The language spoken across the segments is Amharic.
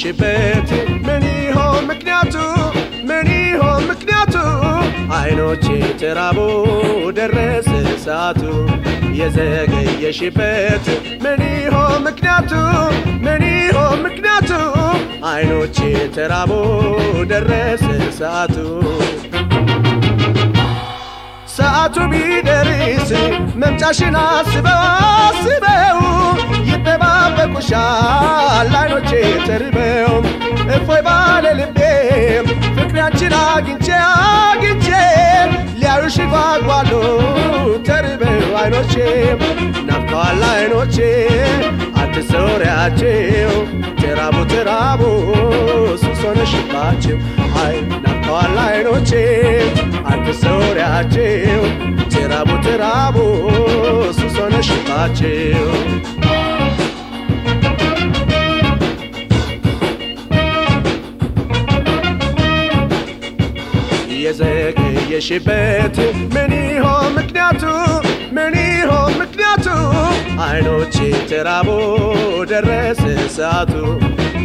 ሽበት ምን ይሆን ምክንያቱ? ምን ይሆን ምክንያቱ? አይኖቼ ተራቡ ደረሰ ሰዓቱ የዘገየሽበት ምን ይሆን ምክንያቱ? ምን ይሆን ምክንያቱ? አይኖቼ ተራቡ ደረስ ሰዓቱ ሰዓቱ ቢደርስ መምጫሽን አስበው አስበው ተባበኩሻል አይኖቼ ተርበው እፎይ ባለ ልቤ ፍቅሬ አንቺን አግኝቼ አግኝቼ ሊያዩሽ ጓጓሉ ተርበው አይኖቼ ናፍቀዋል አይኖቼ አትሰውሪያቸው ተራቡ ተራቡ ሱሶነሽባቸው አይ ናፍቀዋል አይኖቼ አትሰውሪያቸው ተራቡ ተራቡ ሱሶነሽባቸው የሽበት ምን ይሆን ምክንያቱ? ምን ይሆን ምክንያቱ? አይኖች ተራቦ ደረሰ ሰዓቱ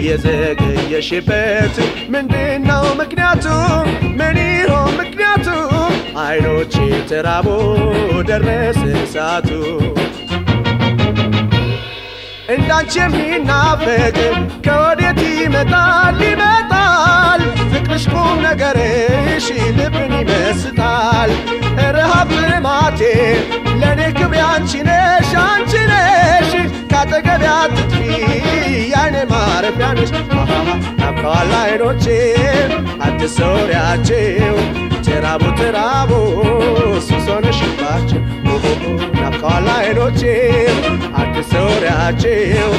የዘገየሽበት ምንድነው ምክንያቱ? ምን ይሆን ምክንያቱ? አይኖች ተራቦ ደረሰ ሰዓቱ እንዳንቺ የሚናፈቅ ከወዴት ይመጣል ይመጣል ልብሽ ቁም ነገርሽ ልብን ይመስጣል። ረሃብ ልማቴ ለእኔ ክብሬ አንቺ ነሽ አንቺ ነሽ ካጠገቤ አትጥፊ ያይኔ ማረፊያ ነሽ። ናብተዋል አይኖቼ አዲስ ሰውሪያቸው ተራቡ ተራቡ ሱሶነሽባቸው ናብተዋል አይኖቼ አዲስ ሰውሪያቸው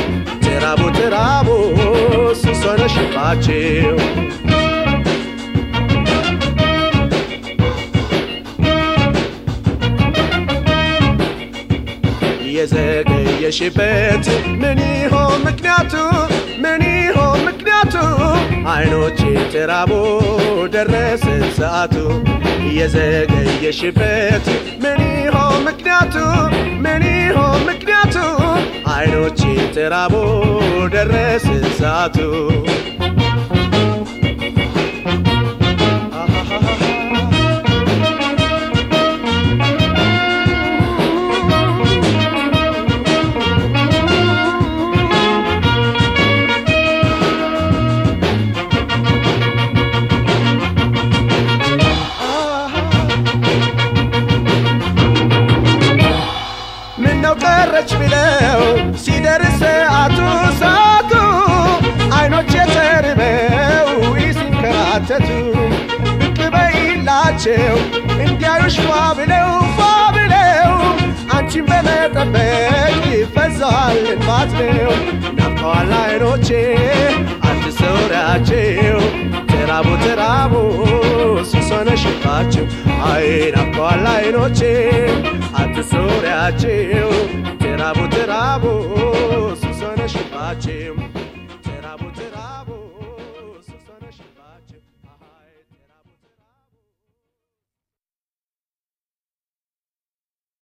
ተራቡ ተራቡ ሱሶነሽባቸው የዘገየሽበት ምን ይሆን ምክንያቱ? ምን ይሆን ምክንያቱ? አይኖች ትራቦ ደረሰ ሰዓቱ የዘገየሽበት ምን ይሆን ምክንያቱ? ምን ይሆን ምክንያቱ? አይኖች ትራቦ ደረሰ ሰዓቱ ቀረች ብለው ሲደርስ አቱ ሰዓቱ አይኖች የተርበው ሲንከራተቱ ብቅ በይላቸው እንዲያዩሽ ፏ ብለው ፏ ብለው አንቺን በመጠበቅ ይፈዛል ልፋት ነው አይኖቼ አንድ ሰው ተራቡ ተራቡ ተነሽፋችሁ አይናኳል አይኖቼ አትሶሪያችሁ ትራቡ ትራቡ ሱሰነሽፋችሁ